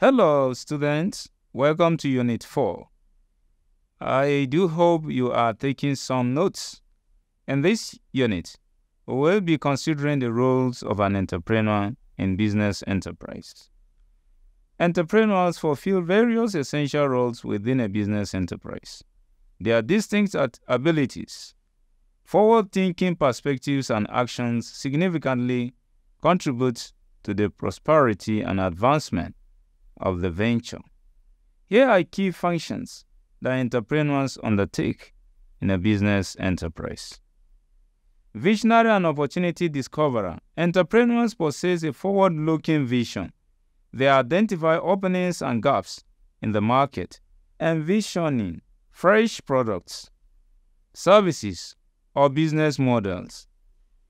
Hello, students. Welcome to Unit 4. I do hope you are taking some notes. In this unit, we will be considering the roles of an entrepreneur in business enterprise. Entrepreneurs fulfill various essential roles within a business enterprise. Their distinct abilities, forward thinking perspectives, and actions significantly contribute to the prosperity and advancement of the venture. Here are key functions that entrepreneurs undertake in a business enterprise. Visionary and opportunity discoverer. Entrepreneurs possess a forward looking vision. They identify openings and gaps in the market, envisioning fresh products, services, or business models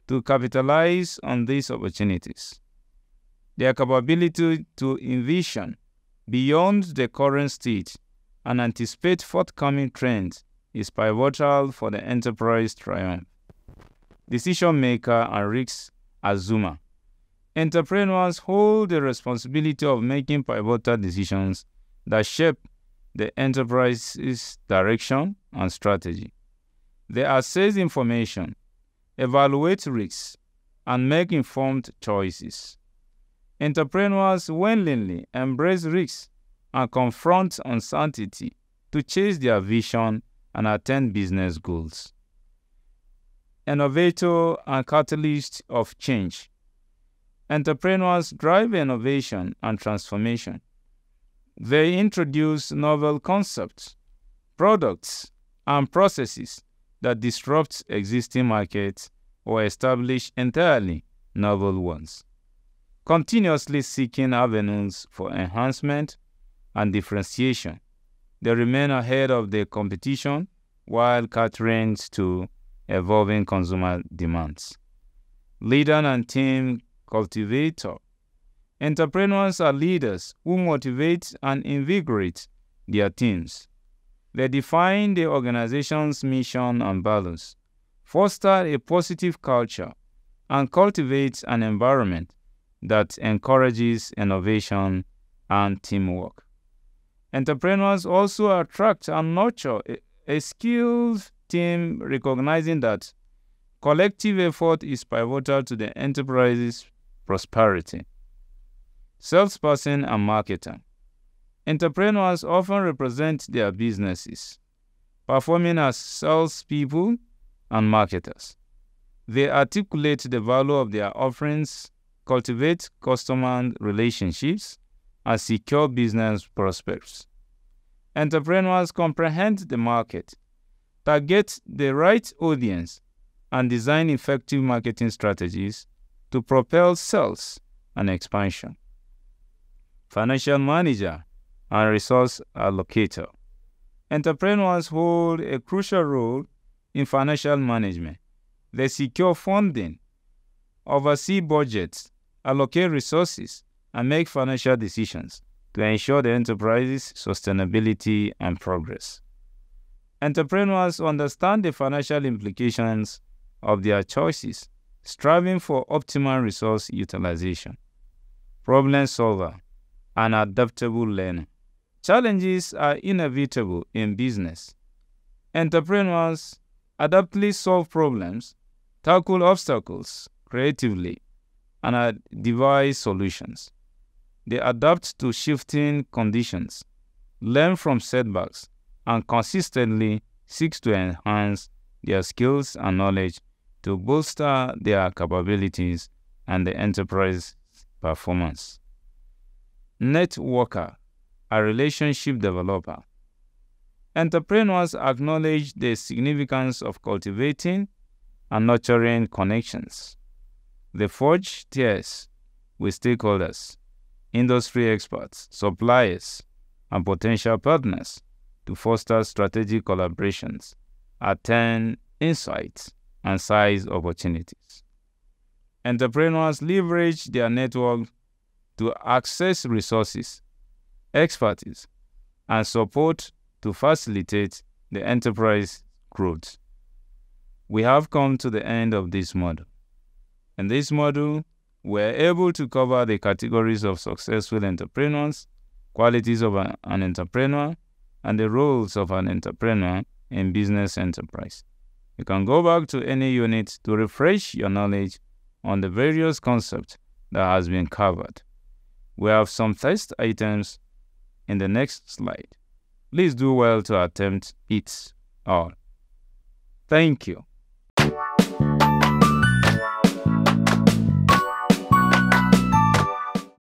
to capitalize on these opportunities. Their capability to envision beyond the current stage and anticipate forthcoming trends is pivotal for the enterprise triumph. Decision maker and risk assumer. Entrepreneurs hold the responsibility of making pivotal decisions that shape the enterprise's direction and strategy. They assess information, evaluate risks, and make informed choices. Entrepreneurs willingly embrace risks and confront uncertainty to chase their vision and attain business goals. Innovator and catalyst of change. Entrepreneurs drive innovation and transformation. They introduce novel concepts, products, and processes that disrupt existing markets or establish entirely novel ones continuously seeking avenues for enhancement and differentiation. They remain ahead of the competition while catering to evolving consumer demands. Leader and team cultivator. Entrepreneurs are leaders who motivate and invigorate their teams. They define the organization's mission and values, foster a positive culture, and cultivate an environment that encourages innovation and teamwork. Entrepreneurs also attract and nurture a, skilled team, recognizing that collective effort is pivotal to the enterprise's prosperity. Salesperson and marketer. Entrepreneurs often represent their businesses, performing as salespeople and marketers. They articulate the value of their offerings cultivate customer relationships, and secure business prospects. Entrepreneurs comprehend the market, target the right audience, and design effective marketing strategies to propel sales and expansion. Financial manager and resource allocator. Entrepreneurs hold a crucial role in financial management. They secure funding, oversee budgets, allocate resources, and make financial decisions to ensure the enterprise's sustainability and progress. Entrepreneurs understand the financial implications of their choices, striving for optimal resource utilization. Problem solver and adaptable learner. Challenges are inevitable in business. Entrepreneurs adaptively solve problems, tackle obstacles creatively, and are devise solutions. They adapt to shifting conditions, learn from setbacks, and consistently seeks to enhance their skills and knowledge to bolster their capabilities and the enterprise performance. Networker, a relationship developer. Entrepreneurs acknowledge the significance of cultivating and nurturing connections they forge tears with stakeholders, industry experts, suppliers, and potential partners to foster strategic collaborations, attain insights, and size opportunities. Entrepreneurs leverage their network to access resources, expertise, and support to facilitate the enterprise growth. We have come to the end of this model. In this module, we're able to cover the categories of successful entrepreneurs, qualities of an, entrepreneur, and the roles of an entrepreneur in business enterprise. You can go back to any unit to refresh your knowledge on the various concepts that has been covered. We have some test items in the next slide. Please do well to attempt it all. Thank you.